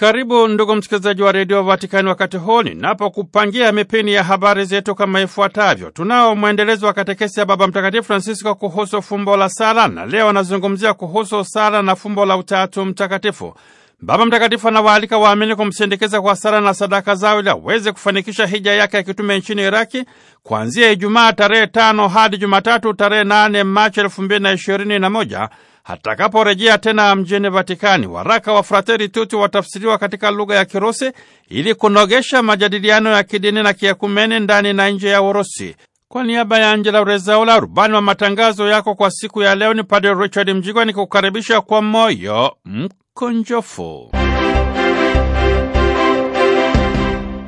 Karibu ndugu msikilizaji wa redio Vatikani, wakati huu ninapokupangia mipini ya habari zetu kama ifuatavyo. Tunao mwendelezo wa katekesi ya Baba Mtakatifu Francisco kuhusu fumbo la sala, na leo anazungumzia kuhusu sala na fumbo la Utatu Mtakatifu. Baba Mtakatifu anawaalika waamini kumsindikiza kwa sala na sadaka zao ili aweze kufanikisha hija yake ya kitume nchini Iraki kuanzia Ijumaa tarehe tano hadi Jumatatu tarehe nane Machi elfu mbili na ishirini na moja atakaporejea tena mjini Vatikani. Waraka wa Frateri Tuti watafsiriwa katika lugha ya Kirusi ili kunogesha majadiliano ya kidini na kiekumene ndani na nje ya Urusi. Kwa niaba ya Angela Rezaula, rubani wa matangazo yako kwa siku ya leo ni Padre Richard Mjigwa, ni kukaribisha kwa moyo mkunjofu.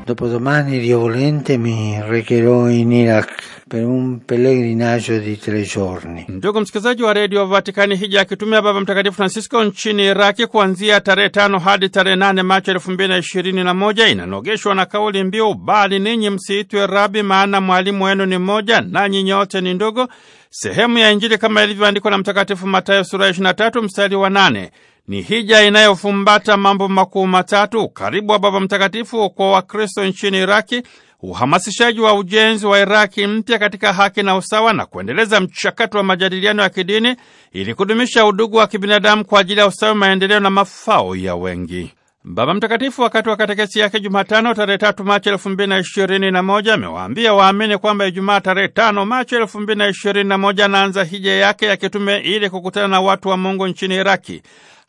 Dopodomani, Dio volente, mi recherò in Iraq per un pellegrinaggio di tre giorni. Ndugu msikilizaji wa redio Vatikani, hija akitumia Baba Mtakatifu Francisco nchini Iraki kuanzia tarehe tano hadi tarehe nane Machi elfu mbili na ishirini na moja inanogeshwa na kauli mbiu bali ninyi msiitwe rabi, maana mwalimu wenu ni mmoja nanyi nyote ni ndugu, sehemu ya Injili kama ilivyoandikwa na Mtakatifu Matayo sura ya 23 mstari wa nane ni hija inayofumbata mambo makuu matatu: karibu wa Baba Mtakatifu kwa Wakristo nchini Iraki, uhamasishaji wa ujenzi wa Iraki mpya katika haki na usawa, na kuendeleza mchakato wa majadiliano ya kidini ili kudumisha udugu wa kibinadamu kwa ajili ya ustawi, maendeleo na mafao ya wengi. Baba Mtakatifu wakati wa katekesi yake Jumatano tarehe tatu Machi elfu mbili na ishirini na moja amewaambia waamini kwamba Ijumaa tarehe tano Machi elfu mbili na ishirini na moja anaanza hija yake ya kitume ili kukutana na watu wa Mungu nchini Iraki.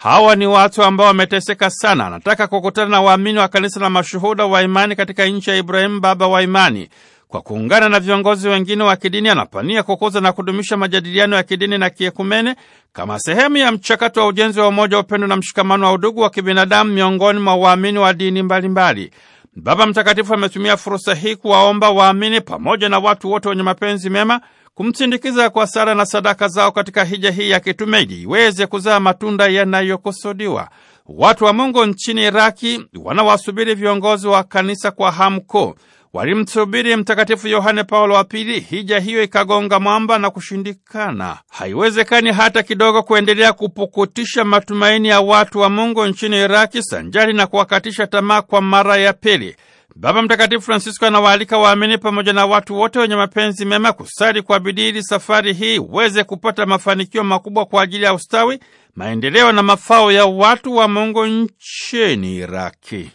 Hawa ni watu ambao wameteseka sana. Anataka kukutana na waamini wa kanisa na mashuhuda wa imani katika nchi ya Ibrahimu baba wa imani. Kwa kuungana na viongozi wengine wa kidini, anapania kukuza na kudumisha majadiliano ya kidini na kiekumene kama sehemu ya mchakato wa ujenzi wa umoja, upendo na mshikamano wa udugu wa kibinadamu miongoni mwa waamini wa dini mbalimbali. Baba Mtakatifu ametumia fursa hii kuwaomba waamini pamoja na watu wote wenye mapenzi mema kumsindikiza kwa sala na sadaka zao katika hija hii ya kitume ili iweze kuzaa matunda yanayokusudiwa. Watu wa Mungu nchini Iraki wanawasubiri viongozi wa kanisa kwa hamu kuu. Walimsubiri Mtakatifu Yohane Paulo wa Pili, hija hiyo ikagonga mwamba na kushindikana. Haiwezekani hata kidogo kuendelea kupukutisha matumaini ya watu wa Mungu nchini Iraki, sanjari na kuwakatisha tamaa kwa mara ya pili. Baba Mtakatifu Francisco anawaalika waamini pamoja na watu wote wenye mapenzi mema kusali kwa bidii ili safari hii weze kupata mafanikio makubwa kwa ajili ya ustawi, maendeleo na mafao ya watu wa Mungu nchini Iraki.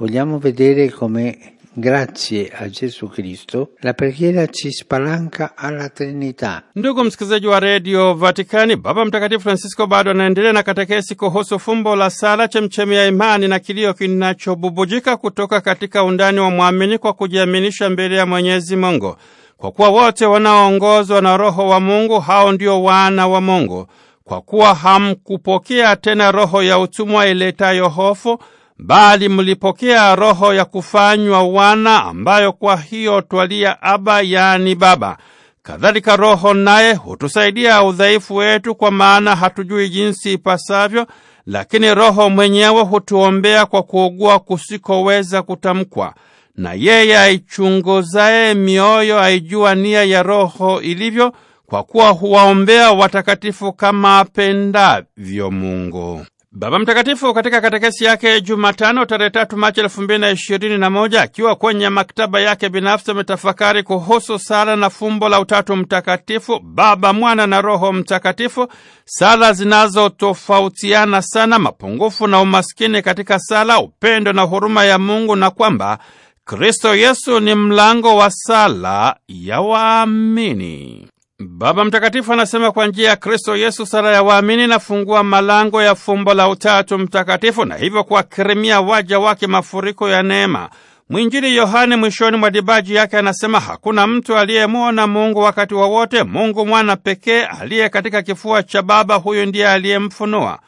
Vogliamo vedere come Grazie a Gesù Kristo, la preghiera ci spalanca alla Trinità. Ndugu msikilizaji wa redio Vatikani, Baba Mtakatifu Francisco bado anaendelea na katekesi kuhusu fumbo la sala, chemchemi ya imani na kilio kinachobubujika kutoka katika undani wa mwamini kwa kujiaminisha mbele ya Mwenyezi Mungu, kwa kuwa wote wanaoongozwa na Roho wa Mungu hao ndio wana wa Mungu. Kwa kuwa hamkupokea tena roho ya utumwa iletayo hofu bali mlipokea roho ya kufanywa wana, ambayo kwa hiyo twalia Aba, yaani Baba. Kadhalika Roho naye hutusaidia udhaifu wetu, kwa maana hatujui jinsi ipasavyo, lakini Roho mwenyewe hutuombea kwa kuugua kusikoweza kutamkwa. Na yeye aichunguzaye mioyo aijua nia ya Roho ilivyo, kwa kuwa huwaombea watakatifu kama apendavyo Mungu. Baba Mtakatifu katika katekesi yake Jumatano tarehe tatu Machi elfu mbili na ishirini na moja akiwa kwenye maktaba yake binafsi ametafakari kuhusu sala na fumbo la Utatu Mtakatifu, Baba, Mwana na Roho Mtakatifu, sala zinazotofautiana sana, mapungufu na umaskini katika sala, upendo na huruma ya Mungu, na kwamba Kristo Yesu ni mlango wa sala ya waamini. Baba Mtakatifu anasema kwa njia ya Kristo Yesu sala ya waamini inafungua malango ya fumbo la Utatu Mtakatifu na hivyo kuwakirimia waja wake mafuriko ya neema. Mwinjili Yohane mwishoni mwa dibaji yake anasema hakuna mtu aliyemwona Mungu wakati wowote. Mungu mwana pekee aliye katika kifua cha Baba, huyu ndiye aliyemfunua.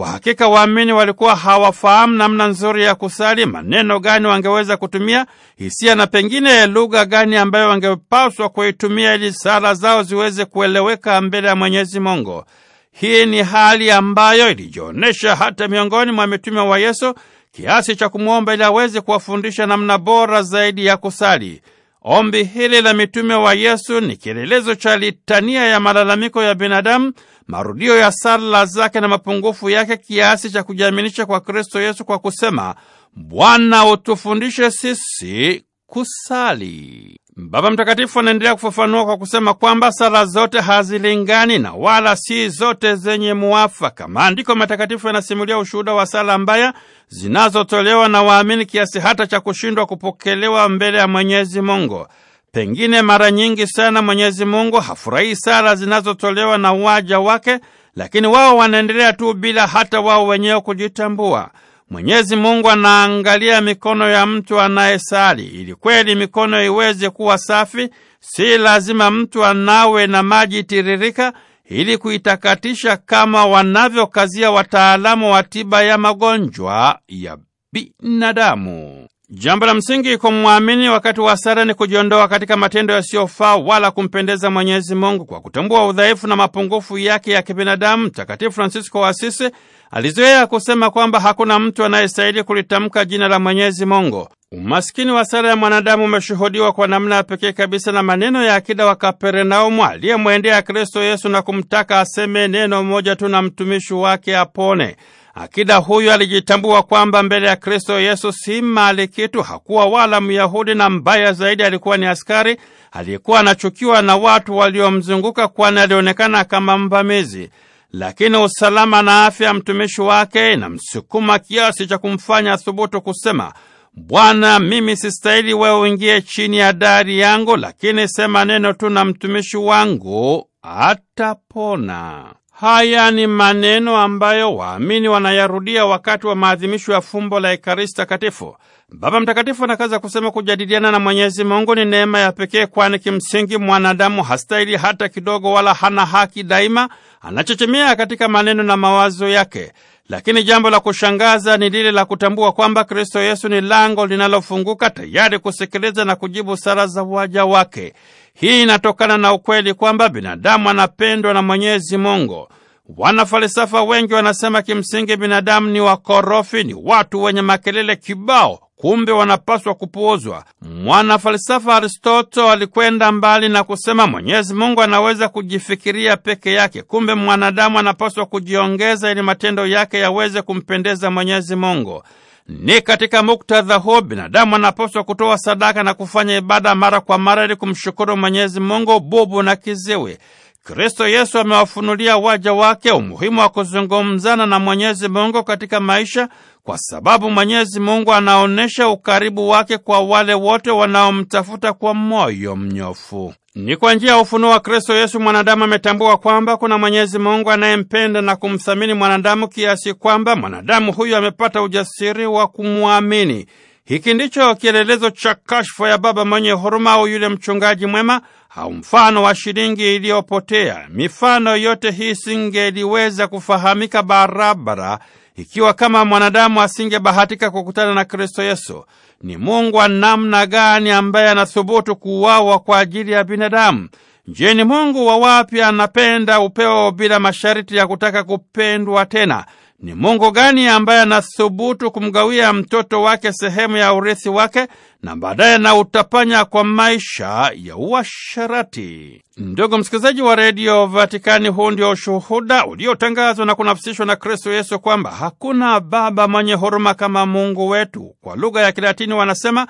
Kwa hakika waamini walikuwa hawafahamu namna nzuri ya kusali, maneno gani wangeweza kutumia, hisia na pengine lugha gani ambayo wangepaswa kuitumia ili sala zao ziweze kueleweka mbele ya Mwenyezi Mungu. Hii ni hali ambayo ilijionyesha hata miongoni mwa mitume wa Yesu, kiasi cha kumwomba ili aweze kuwafundisha namna bora zaidi ya kusali. Ombi hili la mitume wa Yesu ni kielelezo cha litania ya malalamiko ya binadamu, marudio ya sala zake na mapungufu yake, kiasi cha kujiaminisha kwa Kristo Yesu kwa kusema, Bwana, utufundishe sisi kusali. Baba Mtakatifu anaendelea kufafanua kwa kusema kwamba sala zote hazilingani na wala si zote zenye muafaka. Maandiko matakatifu yanasimulia ushuhuda wa sala mbaya zinazotolewa na waamini kiasi hata cha kushindwa kupokelewa mbele ya Mwenyezi Mungu. Pengine mara nyingi sana Mwenyezi Mungu hafurahii sala zinazotolewa na waja wake, lakini wao wanaendelea tu bila hata wao wenyewe kujitambua. Mwenyezi Mungu anaangalia mikono ya mtu anayesali. Ili kweli mikono iweze kuwa safi, si lazima mtu anawe na maji tiririka ili kuitakatisha kama wanavyokazia wataalamu wa tiba ya magonjwa ya binadamu. Jambo la msingi kwa mwamini wakati wa sara ni kujiondoa katika matendo yasiyofaa wala kumpendeza Mwenyezi Mungu kwa kutambua udhaifu na mapungufu yake ya kibinadamu. Mtakatifu francisco wa Asisi alizoea kusema kwamba hakuna mtu anayestahili kulitamka jina la Mwenyezi Mungu. Umaskini wa sara ya mwanadamu umeshuhudiwa kwa namna ya pekee kabisa na maneno ya akida wa Kapernaumu aliyemwendea Kristo Yesu na kumtaka aseme neno moja tu na mtumishi wake apone. Akida huyu alijitambua kwamba mbele ya Kristo Yesu si mali kitu, hakuwa wala Myahudi, na mbaya zaidi alikuwa ni askari aliyekuwa anachukiwa na watu waliomzunguka, kwani alionekana kama mvamizi. Lakini usalama na afya ya mtumishi wake inamsukuma kiasi cha kumfanya thubutu kusema, Bwana, mimi sistahili wewe uingie chini ya dari yangu, lakini sema neno tu na mtumishi wangu atapona. Haya ni maneno ambayo waamini wanayarudia wakati wa maadhimisho ya fumbo la Ekaristi Takatifu. Baba Mtakatifu anakaza kusema, kujadiliana na Mwenyezi Mungu ni neema ya pekee, kwani kimsingi mwanadamu hastahili hata kidogo, wala hana haki. Daima anachechemea katika maneno na mawazo yake, lakini jambo la kushangaza ni lile la kutambua kwamba Kristo Yesu ni lango linalofunguka tayari kusikiliza na kujibu sala za waja wake. Hii inatokana na ukweli kwamba binadamu anapendwa na Mwenyezi Mungu. Wanafalsafa wengi wanasema kimsingi binadamu ni wakorofi, ni watu wenye makelele kibao, kumbe wanapaswa kupuuzwa. Mwanafalsafa Aristoto alikwenda mbali na kusema Mwenyezi Mungu anaweza kujifikiria peke yake, kumbe mwanadamu anapaswa kujiongeza ili matendo yake yaweze kumpendeza Mwenyezi Mungu. Ni katika muktadha huo binadamu anapaswa kutoa sadaka na kufanya ibada mara kwa mara ili kumshukuru Mwenyezi Mungu bubu na kiziwi. Kristo Yesu amewafunulia waja wake umuhimu wa kuzungumzana na Mwenyezi Mungu katika maisha kwa sababu Mwenyezi Mungu anaonyesha ukaribu wake kwa wale wote wanaomtafuta kwa moyo mnyofu. Ni kwa njia ya ufunuo wa Kristo Yesu mwanadamu ametambua kwamba kuna Mwenyezi Mungu anayempenda na kumthamini mwanadamu kiasi kwamba mwanadamu huyu amepata ujasiri wa kumwamini. Hiki ndicho kielelezo cha kashfa ya baba mwenye huruma au yule mchungaji mwema au mfano wa shilingi iliyopotea. Mifano yote hii singeliweza kufahamika barabara ikiwa kama mwanadamu asingebahatika kukutana na Kristo Yesu, ni Mungu wa namna gani ambaye anathubutu kuuawa kwa ajili ya binadamu? Je, ni Mungu wa wapi anapenda upeo bila masharti ya kutaka kupendwa tena? Ni Mungu gani ambaye anathubutu kumgawia mtoto wake sehemu ya urithi wake na baadaye na utapanya kwa maisha ya uasharati? Ndugu msikilizaji wa redio Vatikani, huu ndio ushuhuda uliotangazwa na kunafsishwa na Kristo Yesu kwamba hakuna baba mwenye huruma kama Mungu wetu. Kwa lugha ya Kilatini wanasema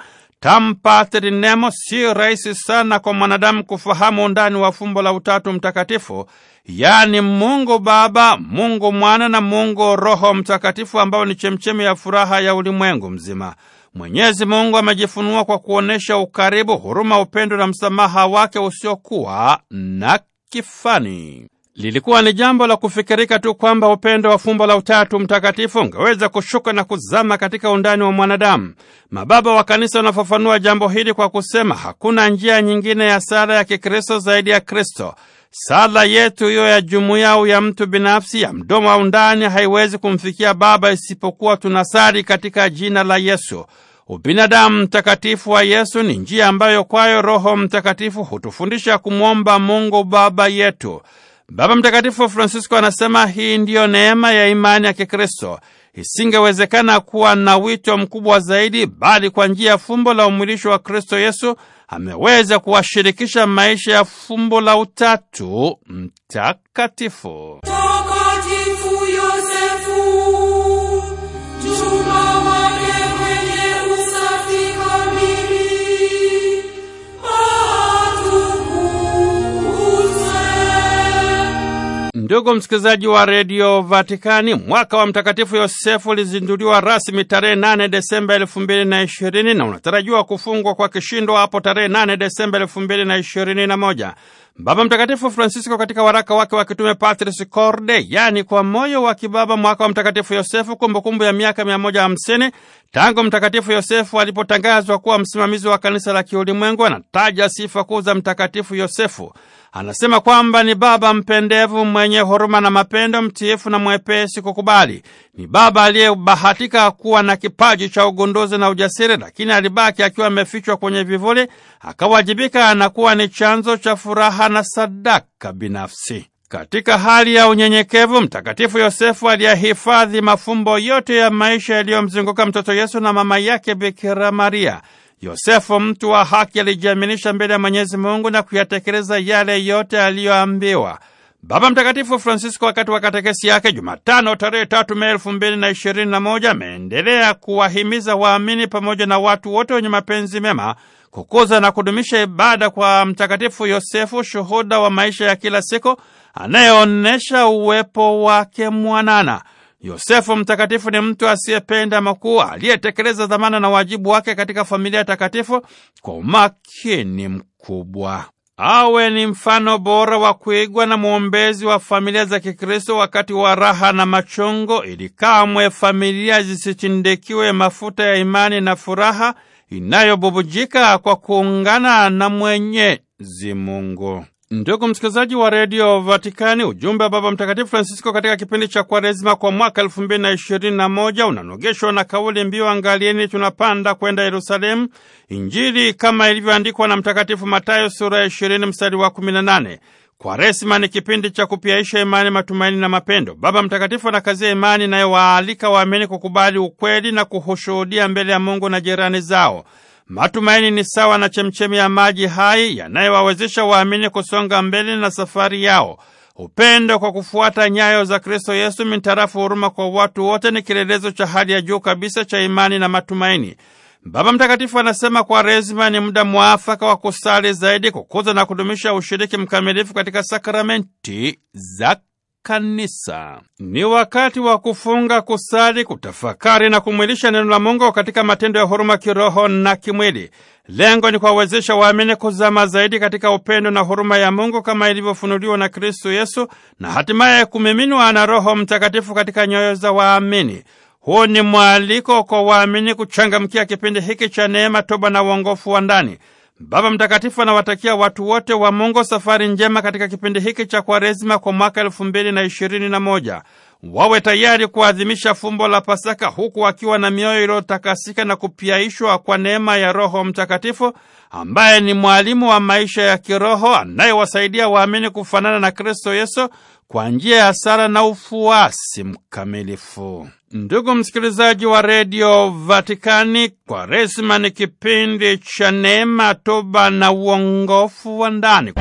Nemo si rahisi sana kwa mwanadamu kufahamu undani wa fumbo la Utatu Mtakatifu, yaani Mungu Baba, Mungu Mwana na Mungu Roho Mtakatifu, ambao ni chemchemi ya furaha ya ulimwengu mzima. Mwenyezi Mungu amejifunua kwa kuonyesha ukaribu, huruma, upendo na msamaha wake usiokuwa na kifani. Lilikuwa ni jambo la kufikirika tu kwamba upendo wa fumbo la Utatu Mtakatifu ungeweza kushuka na kuzama katika undani wa mwanadamu. Mababa wa Kanisa wanafafanua jambo hili kwa kusema hakuna njia nyingine ya sala ya Kikristo zaidi ya Kristo. Sala yetu hiyo ya jumuiya au ya mtu binafsi, ya mdomo au ndani, haiwezi kumfikia Baba isipokuwa tunasali katika jina la Yesu. Ubinadamu mtakatifu wa Yesu ni njia ambayo kwayo Roho Mtakatifu hutufundisha kumwomba Mungu Baba yetu. Baba Mtakatifu Francisco anasema hii ndiyo neema ya imani ya Kikristo. Isingewezekana kuwa na wito mkubwa zaidi, bali kwa njia ya fumbo la umwilisho wa Kristo Yesu ameweza kuwashirikisha maisha ya fumbo la Utatu Mtakatifu. Ndugu msikilizaji wa redio Vatikani, mwaka wa Mtakatifu Yosefu ulizinduliwa rasmi tarehe 8 Desemba elfu na ishirini na unatarajiwa kufungwa kwa kishindo hapo tarehe 8 Desemba elfu na Baba Mtakatifu Francisco katika waraka wake wa kitume Patris Corde, yaani kwa moyo wa kibaba, mwaka wa Mtakatifu Yosefu, kumbukumbu ya miaka 150 tangu Mtakatifu Yosefu alipotangazwa kuwa msimamizi wa kanisa la kiulimwengu, anataja sifa kuu za Mtakatifu Yosefu. Anasema kwamba ni baba mpendevu, mwenye huruma na mapendo, mtiifu na mwepesi kukubali. Ni baba aliyebahatika kuwa na kipaji cha ugunduzi na ujasiri, lakini alibaki akiwa amefichwa kwenye vivuli, akawajibika na kuwa ni chanzo cha furaha na sadaka binafsi. Katika hali ya unyenyekevu, Mtakatifu Yosefu aliyehifadhi mafumbo yote ya maisha yaliyomzunguka mtoto Yesu na mama yake Bikira Maria. Yosefu, mtu wa haki, alijiaminisha mbele ya Mwenyezi Mungu na kuyatekeleza yale yote aliyoambiwa. Baba Mtakatifu Francisco wakati wa katekesi yake Jumatano tarehe tatu Mei elfu mbili na ishirini na moja ameendelea kuwahimiza waamini pamoja na watu wote wenye mapenzi mema kukuza na kudumisha ibada kwa Mtakatifu Yosefu, shuhuda wa maisha ya kila siku anayeonyesha uwepo wake mwanana. Yosefu mtakatifu ni mtu asiyependa makuu, aliyetekeleza dhamana na wajibu wake katika familia takatifu kwa umakini mkubwa. Awe ni mfano bora wa kuigwa na mwombezi wa familia za Kikristo wakati wa raha na machungo, ili kamwe familia zisichindikiwe mafuta ya imani na furaha inayobubujika kwa kuungana na Mwenyezi Mungu. Ndugu msikilizaji wa redio Vatikani, ujumbe wa Baba Mtakatifu Francisco katika kipindi cha Kwaresima kwa mwaka elfu mbili na ishirini na moja unanogeshwa na kauli mbiu angalieni, tunapanda kwenda Yerusalemu, Injili kama ilivyoandikwa na Mtakatifu Matayo sura ya ishirini mstari wa kumi na nane. Kwaresima ni kipindi cha kupiaisha imani, matumaini na mapendo. Baba Mtakatifu anakazia imani inayowaalika waamini kukubali ukweli na kuhushuhudia mbele ya Mungu na jirani zao. Matumaini ni sawa na chemchemi ya maji hai yanayowawezesha waamini kusonga mbele na safari yao. Upendo kwa kufuata nyayo za Kristo Yesu mintarafu huruma kwa watu wote ni kielelezo cha hali ya juu kabisa cha imani na matumaini. Baba Mtakatifu anasema Kwaresima ni muda mwafaka wa kusali zaidi, kukuza na kudumisha ushiriki mkamilifu katika sakramenti za kanisa. Ni wakati wa kufunga, kusali, kutafakari na kumwilisha neno la Mungu katika matendo ya huruma kiroho na kimwili. Lengo ni kuwawezesha waamini kuzama zaidi katika upendo na huruma ya Mungu kama ilivyofunuliwa na kristu Yesu na hatimaye kumiminwa na Roho Mtakatifu katika nyoyo za waamini. Huu ni mwaliko kwa waamini kuchangamkia kipindi hiki cha neema, toba na uongofu wa ndani. Baba Mtakatifu anawatakia watu wote wa Mungu safari njema katika kipindi hiki cha Kwaresima kwa mwaka elfu mbili na ishirini na moja. Wawe tayari kuadhimisha fumbo la Pasaka huku wakiwa na mioyo iliyotakasika na kupiaishwa kwa neema ya Roho Mtakatifu ambaye ni mwalimu wa maisha ya kiroho anayewasaidia waamini kufanana na Kristo Yesu kwa njia ya sala na ufuasi mkamilifu. Ndugu msikilizaji wa redio Vatikani, resima ni kipindi cha neema, toba na uongofu wa ndani.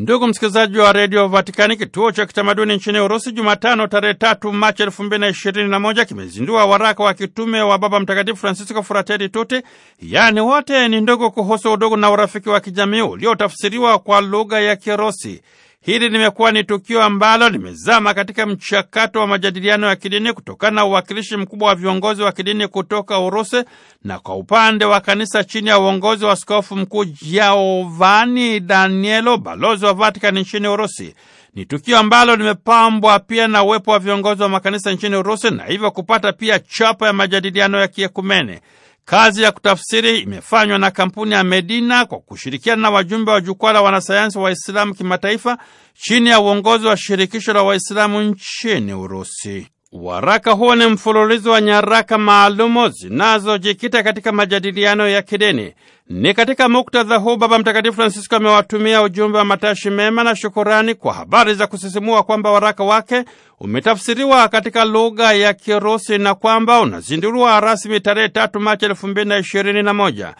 Ndugu msikilizaji wa redio Vatikani, kituo cha kitamaduni nchini Urusi Jumatano tarehe tatu Machi elfu mbili na ishirini na moja kimezindua waraka wa kitume wa Baba Mtakatifu Francisco frateri Tuti, yaani wote ni ndugu, kuhusu udugu na urafiki wa kijamii uliotafsiriwa kwa lugha ya Kirusi. Hili limekuwa ni tukio ambalo limezama katika mchakato wa majadiliano ya kidini kutokana na uwakilishi mkubwa wa viongozi wa kidini kutoka Urusi na kwa upande wa kanisa chini ya uongozi wa askofu mkuu Giovanni Danielo, balozi wa Vatican nchini Urusi. Ni tukio ambalo limepambwa pia na uwepo wa viongozi wa makanisa nchini Urusi na hivyo kupata pia chapa ya majadiliano ya kiekumene. Kazi ya kutafsiri imefanywa na kampuni ya Medina kwa kushirikiana na wajumbe wa jukwaa la wanasayansi Waislamu kimataifa chini ya uongozi wa shirikisho la Waislamu nchini Urusi. Waraka huo ni mfululizo wa nyaraka maalumu zinazojikita katika majadiliano ya kidini. Ni katika muktadha huu Baba Mtakatifu Francisco amewatumia ujumbe wa matashi mema na shukurani kwa habari za kusisimua kwamba waraka wake umetafsiriwa katika lugha ya Kirusi na kwamba unazinduliwa rasmi tarehe tatu Machi elfu ishirini na moja.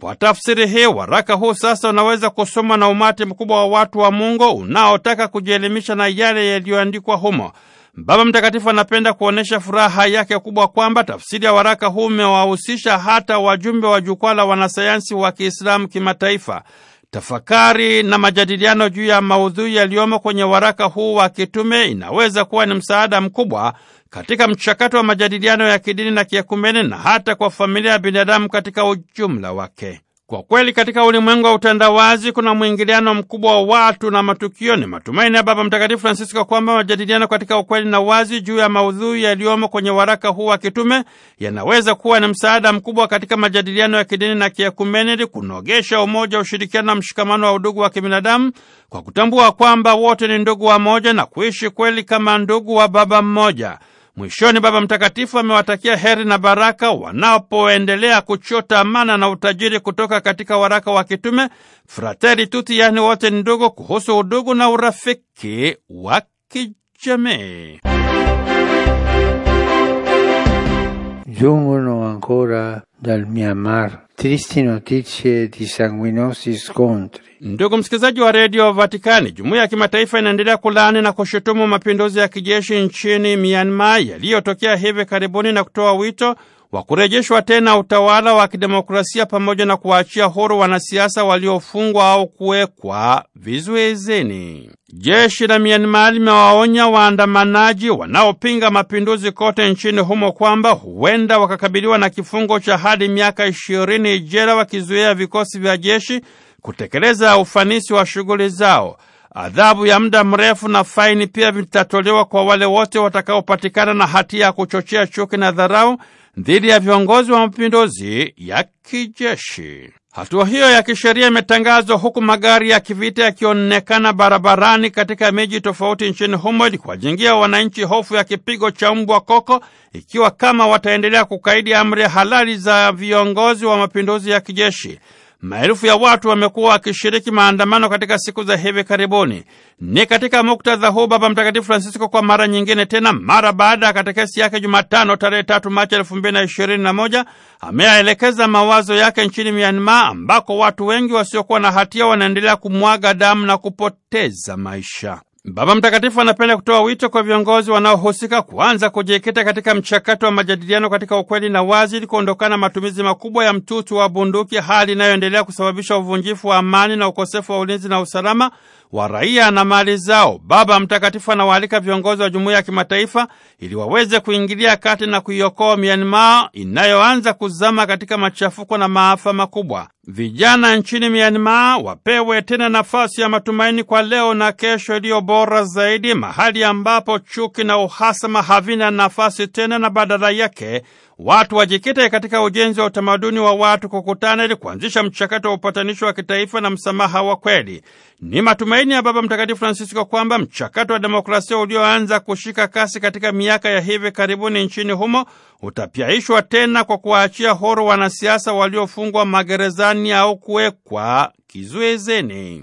Kwa tafsiri hii, waraka huu sasa unaweza kusomwa na umati mkubwa wa watu wa Mungu unaotaka kujielimisha na yale yaliyoandikwa humo. Baba Mtakatifu anapenda kuonyesha furaha yake kubwa kwamba tafsiri ya waraka huu umewahusisha hata wajumbe wa jukwaa la wanasayansi wa Kiislamu kimataifa. Tafakari na majadiliano juu ya maudhui yaliyomo kwenye waraka huu wa kitume inaweza kuwa ni msaada mkubwa katika mchakato wa majadiliano ya kidini na kiekumene na hata kwa familia ya binadamu katika ujumla wake. Kwa kweli katika ulimwengu wa utandawazi kuna mwingiliano mkubwa wa watu na matukio. Ni matumaini ya Baba Mtakatifu Francisco kwamba majadiliano katika ukweli na wazi juu ya maudhui yaliyomo kwenye waraka huu wa kitume yanaweza kuwa ni msaada mkubwa katika majadiliano ya kidini na kiekumeneli, kunogesha umoja, ushirikiano na mshikamano wa udugu wa kibinadamu, kwa kutambua kwamba wote ni ndugu wa moja na kuishi kweli kama ndugu wa baba mmoja. Mwishoni, Baba Mtakatifu amewatakia heri na baraka wanapoendelea kuchota mana na utajiri kutoka katika waraka wa kitume Fratelli Tutti, yaani wote ni ndugu, kuhusu udugu na urafiki wa kijamii. Giungono ancora dal Myanmar Tristi notizie di sanguinosi scontri. Ndugu msikilizaji wa redio Vatikani, jumuiya ya kimataifa inaendelea kulaani na kushutumu mapinduzi ya kijeshi nchini Myanmar yaliyotokea hivi karibuni na kutoa wito wa kurejeshwa tena utawala wa kidemokrasia pamoja na kuwaachia huru wanasiasa waliofungwa au kuwekwa vizuizini. Jeshi la Myanmar limewaonya waandamanaji wanaopinga mapinduzi kote nchini humo kwamba huenda wakakabiliwa na kifungo cha hadi miaka ishirini jela wakizuia vikosi vya jeshi kutekeleza ufanisi wa shughuli zao. Adhabu ya muda mrefu na faini pia vitatolewa kwa wale wote watakaopatikana na hatia ya kuchochea chuki na dharau dhidi ya viongozi wa mapinduzi ya kijeshi. Hatua hiyo ya kisheria imetangazwa huku magari ya kivita yakionekana barabarani katika miji tofauti nchini humo ili kuwajengia wananchi hofu ya kipigo cha mbwa koko ikiwa kama wataendelea kukaidi amri halali za viongozi wa mapinduzi ya kijeshi. Maelfu ya watu wamekuwa wakishiriki maandamano katika siku za hivi karibuni. Ni katika muktadha huu Baba Mtakatifu Francisco kwa mara nyingine tena, mara baada ya katekesi yake Jumatano tarehe tatu Machi elfu mbili na ishirini na moja ameyaelekeza mawazo yake nchini Myanmar ambako watu wengi wasiokuwa na hatia wanaendelea kumwaga damu na kupoteza maisha. Baba Mtakatifu anapenda kutoa wito kwa viongozi wanaohusika kuanza kujikita katika mchakato wa majadiliano katika ukweli na wazi ili kuondokana matumizi makubwa ya mtutu wa bunduki, hali inayoendelea kusababisha uvunjifu wa amani na ukosefu wa ulinzi na usalama wa raia na mali zao. Baba Mtakatifu anawaalika viongozi wa jumuiya ya kimataifa ili waweze kuingilia kati na kuiokoa Myanmar inayoanza kuzama katika machafuko na maafa makubwa. Vijana nchini Myanmar wapewe tena nafasi ya matumaini kwa leo na kesho iliyo bora zaidi, mahali ambapo chuki na uhasama havina nafasi tena na badala yake watu wajikite katika ujenzi wa utamaduni wa watu kukutana ili kuanzisha mchakato wa upatanisho wa kitaifa na msamaha wa kweli. Ni matumaini ya Baba Mtakatifu Francisco kwamba mchakato wa demokrasia ulioanza kushika kasi katika miaka ya hivi karibuni nchini humo utapyaishwa tena kwa kuwaachia huru wanasiasa waliofungwa magerezani au kuwekwa kizuizini.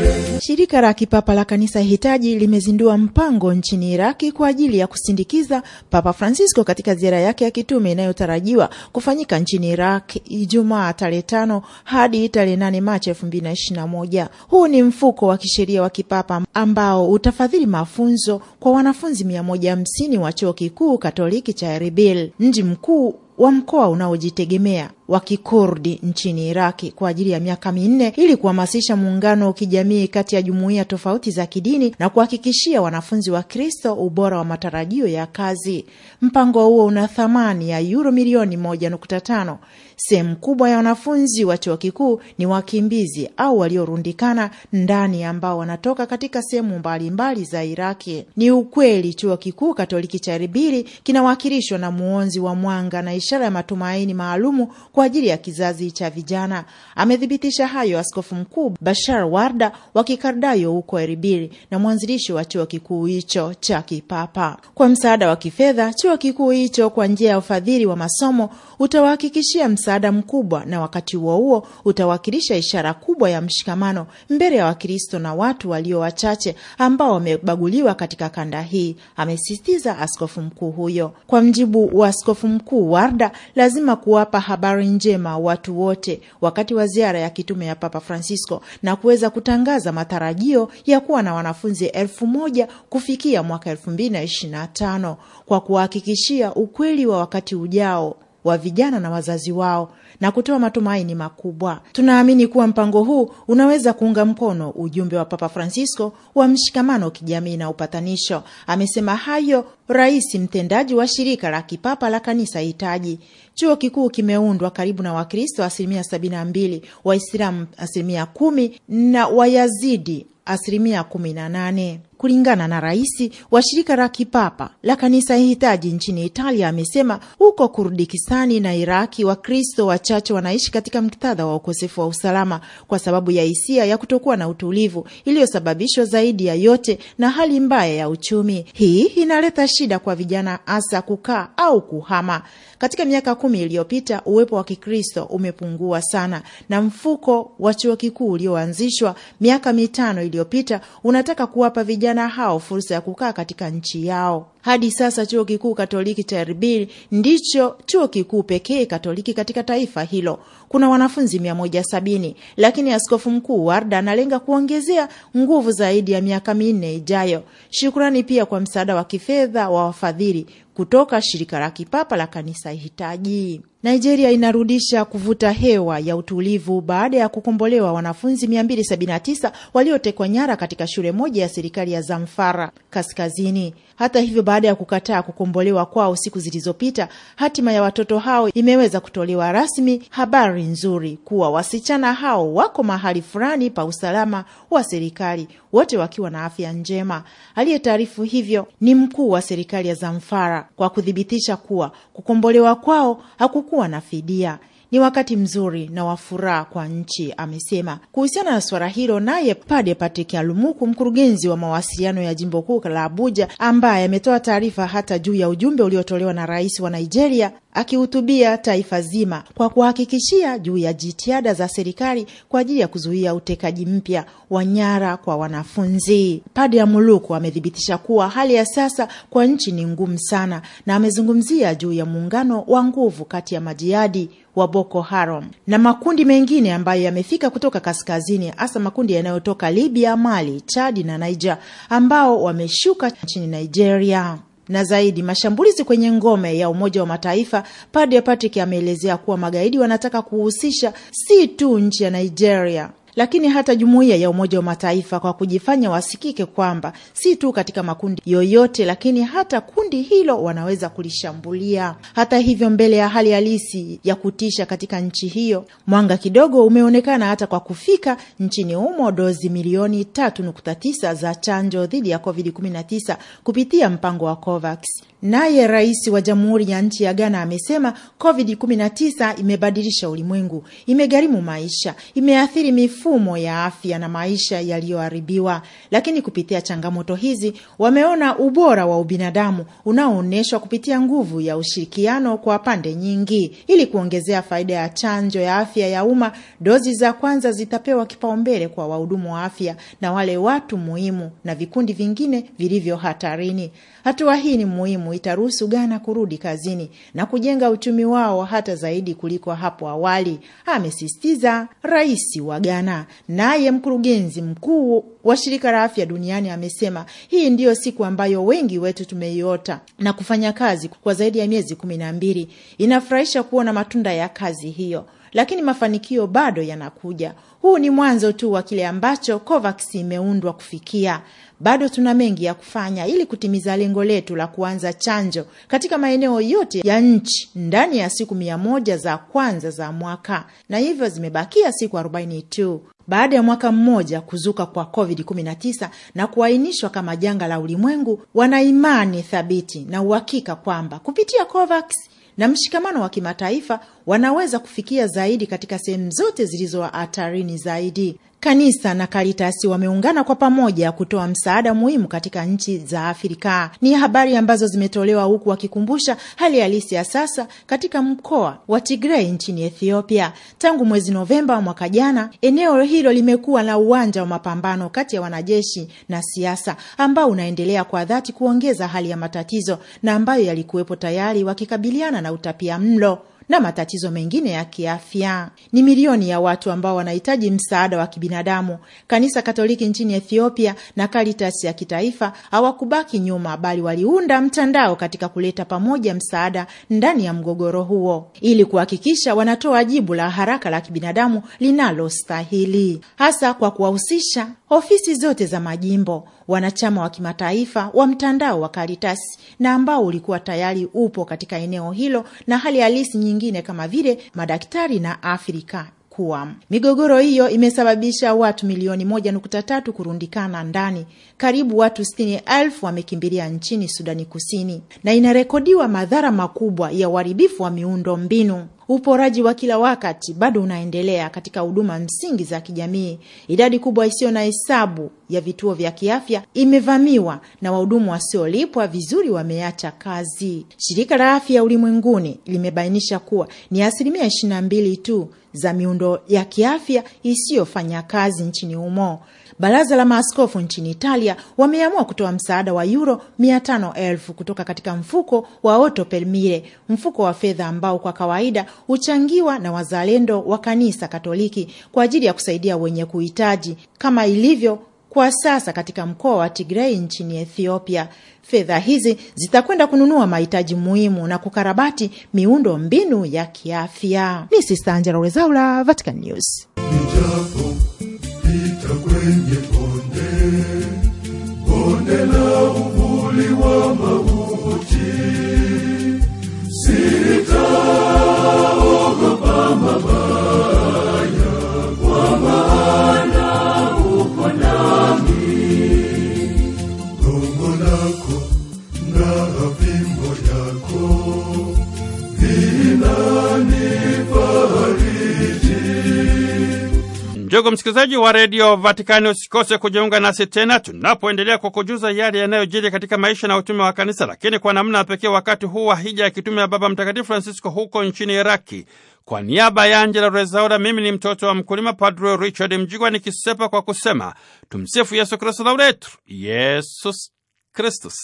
Shirika la kipapa la kanisa hitaji limezindua mpango nchini Iraki kwa ajili ya kusindikiza Papa Francisco katika ziara yake ya kitume inayotarajiwa kufanyika nchini Iraq Ijumaa tarehe tano hadi tarehe nane Machi elfu mbili na ishirini na moja. Huu ni mfuko wa kisheria wa kipapa ambao utafadhili mafunzo kwa wanafunzi mia moja hamsini wa chuo kikuu Katoliki cha Erbil, mji mkuu wa mkoa unaojitegemea wa Kikurdi nchini Iraki kwa ajili ya miaka minne ili kuhamasisha muungano wa kijamii kati ya jumuiya tofauti za kidini na kuhakikishia wanafunzi wa Kristo ubora wa matarajio ya kazi. Mpango huo una thamani ya yuro milioni moja nukta tano Sehemu kubwa ya wanafunzi wa chuo kikuu ni wakimbizi au waliorundikana ndani, ambao wanatoka katika sehemu mbalimbali za Iraki. Ni ukweli chuo kikuu Katoliki cha erbili kinawakilishwa na muonzi wa mwanga na ishara ya matumaini maalumu kwa ajili ya kizazi cha vijana. Amethibitisha hayo askofu mkuu Bashar Warda wa Kikardayo huko erbili na mwanzilishi wa chuo kikuu hicho cha kipapa. Kwa msaada wa kifedha, chuo kikuu hicho kwa njia ya ufadhili wa masomo utawahakikishia msaada mkubwa na wakati huo huo utawakilisha ishara kubwa ya mshikamano mbele ya Wakristo na watu walio wachache ambao wamebaguliwa katika kanda hii, amesisitiza askofu mkuu huyo. Kwa mjibu wa askofu mkuu Warda, lazima kuwapa habari njema watu wote wakati wa ziara ya kitume ya Papa Francisco na kuweza kutangaza matarajio ya kuwa na wanafunzi elfu moja kufikia mwaka elfu mbili na ishirini na tano kwa kuwahakikishia ukweli wa wakati ujao wa vijana na wazazi wao na kutoa matumaini makubwa. Tunaamini kuwa mpango huu unaweza kuunga mkono ujumbe wa Papa Francisco wa mshikamano wa kijamii na upatanisho. Amesema hayo rais mtendaji wa shirika la kipapa la kanisa hitaji. Chuo kikuu kimeundwa karibu na Wakristo asilimia sabini na mbili, Waislamu asilimia kumi na Wayazidi asilimia kumi na nane. Kulingana na rais wa shirika la kipapa la kanisa hitaji nchini Italia, amesema huko Kurdikistani na Iraki Wakristo wachache wanaishi katika muktadha wa ukosefu wa usalama kwa sababu ya hisia ya kutokuwa na utulivu iliyosababishwa zaidi ya yote na hali mbaya ya uchumi. Hii inaleta shida kwa vijana, hasa kukaa au kuhama. Katika miaka kumi iliyopita uwepo wa Kikristo umepungua sana, na mfuko wa chuo kikuu ulioanzishwa miaka mitano iliyopita unataka kuwapa vijana vijana hao fursa ya kukaa katika nchi yao. Hadi sasa chuo kikuu Katoliki cha Erbil ndicho chuo kikuu pekee Katoliki katika taifa hilo kuna wanafunzi 170 lakini askofu mkuu Warda analenga kuongezea nguvu zaidi ya miaka minne ijayo. Shukrani pia kwa msaada wa kifedha wa wafadhili kutoka shirika la kipapa la kanisa hitaji. Nigeria inarudisha kuvuta hewa ya utulivu baada ya kukombolewa wanafunzi 279 waliotekwa nyara katika shule moja ya serikali ya Zamfara kaskazini hata hivyo, baada ya kukataa kukombolewa kwao siku zilizopita, hatima ya watoto hao imeweza kutolewa rasmi. Habari nzuri kuwa wasichana hao wako mahali fulani pa usalama wa serikali, wote wakiwa na afya njema. Aliyetaarifu hivyo ni mkuu wa serikali ya Zamfara, kwa kuthibitisha kuwa kukombolewa kwao hakukuwa na fidia ni wakati mzuri na wa furaha kwa nchi, amesema. Kuhusiana na suala hilo, naye Pade Patrick Alumuku, mkurugenzi wa mawasiliano ya jimbo kuu la Abuja, ambaye ametoa taarifa hata juu ya ujumbe uliotolewa na rais wa Nigeria akihutubia taifa zima kwa kuhakikishia juu ya jitihada za serikali kwa ajili ya kuzuia utekaji mpya wa nyara kwa wanafunzi. Padre Amuluku amethibitisha kuwa hali ya sasa kwa nchi ni ngumu sana, na amezungumzia juu ya muungano wa nguvu kati ya majiadi wa Boko Haram na makundi mengine ambayo yamefika kutoka kaskazini, hasa makundi yanayotoka Libya, Mali, Chadi na Niger ambao wameshuka nchini Nigeria na zaidi mashambulizi kwenye ngome ya Umoja wa Mataifa. Padre Patrick ameelezea kuwa magaidi wanataka kuhusisha si tu nchi ya Nigeria lakini hata jumuiya ya Umoja wa Mataifa kwa kujifanya wasikike kwamba si tu katika makundi yoyote, lakini hata kundi hilo wanaweza kulishambulia. Hata hivyo, mbele ya hali halisi ya kutisha katika nchi hiyo, mwanga kidogo umeonekana hata kwa kufika nchini humo dozi milioni 3.9 za chanjo dhidi ya COVID-19 kupitia mpango wa COVAX. Naye rais wa jamhuri ya nchi ya Ghana amesema COVID-19 imebadilisha ulimwengu, imegharimu maisha, imeathiri mifu mifumo ya afya na maisha yaliyoharibiwa. Lakini kupitia changamoto hizi wameona ubora wa ubinadamu unaoonyeshwa kupitia nguvu ya ushirikiano kwa pande nyingi. Ili kuongezea faida ya chanjo ya afya ya umma, dozi za kwanza zitapewa kipaumbele kwa wahudumu wa afya na wale watu muhimu na vikundi vingine vilivyo hatarini. Hatua hii ni muhimu, itaruhusu Ghana kurudi kazini na kujenga uchumi wao hata zaidi kuliko hapo awali, amesisitiza rais wa Ghana. Ghana. Naye mkurugenzi mkuu wa shirika la afya duniani amesema hii ndiyo siku ambayo wengi wetu tumeiota na kufanya kazi kwa zaidi ya miezi kumi na mbili. Inafurahisha kuona matunda ya kazi hiyo lakini mafanikio bado yanakuja. Huu ni mwanzo tu wa kile ambacho COVAX imeundwa kufikia. Bado tuna mengi ya kufanya ili kutimiza lengo letu la kuanza chanjo katika maeneo yote ya nchi ndani ya siku mia moja za kwanza za mwaka, na hivyo zimebakia siku arobaini tu baada ya mwaka mmoja kuzuka kwa COVID-19 na kuainishwa kama janga la ulimwengu, wana imani thabiti na uhakika kwamba kupitia COVAX na mshikamano wa kimataifa wanaweza kufikia zaidi katika sehemu zote zilizo hatarini zaidi kanisa na Karitasi wameungana kwa pamoja kutoa msaada muhimu katika nchi za Afrika. Ni habari ambazo zimetolewa huku wakikumbusha hali halisi ya sasa katika mkoa wa Tigrei nchini Ethiopia. Tangu mwezi Novemba mwaka jana, eneo hilo limekuwa na uwanja wa mapambano kati ya wanajeshi na siasa ambao unaendelea kwa dhati kuongeza hali ya matatizo na ambayo yalikuwepo tayari wakikabiliana na utapia mlo na matatizo mengine ya kiafya. Ni milioni ya watu ambao wanahitaji msaada wa kibinadamu. Kanisa Katoliki nchini Ethiopia na Caritas ya kitaifa hawakubaki nyuma, bali waliunda mtandao katika kuleta pamoja msaada ndani ya mgogoro huo, ili kuhakikisha wanatoa jibu la haraka la kibinadamu linalostahili, hasa kwa kuwahusisha ofisi zote za majimbo, wanachama wa kimataifa wa mtandao wa Karitasi na ambao ulikuwa tayari upo katika eneo hilo na hali halisi nyingine kama vile madaktari na Afrika kuwa migogoro hiyo imesababisha watu milioni moja nukta tatu kurundikana ndani. Karibu watu sitini elfu wamekimbilia nchini Sudani Kusini, na inarekodiwa madhara makubwa ya uharibifu wa miundo mbinu. Uporaji wa kila wakati bado unaendelea katika huduma msingi za kijamii. Idadi kubwa isiyo na hesabu ya vituo vya kiafya imevamiwa na wahudumu wasiolipwa vizuri, wameacha kazi. Shirika la Afya Ulimwenguni limebainisha kuwa ni asilimia ishirini na mbili tu za miundo ya kiafya isiyofanya kazi nchini humo. Baraza la maaskofu nchini Italia wameamua kutoa msaada wa yuro mia tano elfu kutoka katika mfuko wa oto per Mille, mfuko wa fedha ambao kwa kawaida huchangiwa na wazalendo wa kanisa Katoliki kwa ajili ya kusaidia wenye kuhitaji kama ilivyo kwa sasa katika mkoa wa Tigrei nchini Ethiopia. Fedha hizi zitakwenda kununua mahitaji muhimu na kukarabati miundo mbinu ya kiafya. Ni Sista Angela Rezaula, Vatican News. 人烟。Ndugu msikilizaji wa redio Vatikani, usikose kujiunga nasi tena tunapoendelea kwa kujuza yale yanayojiri katika maisha na utume wa Kanisa, lakini kwa namna pekee wakati huu wa hija ya kitume ya Baba Mtakatifu Francisco huko nchini Iraki. Kwa niaba ya Angela Rezaura, mimi ni mtoto wa mkulima Padre Richard Mjigwa nikisepa kwa kusema tumsifu Yesu Kristu, lauletu Yesus Kristus.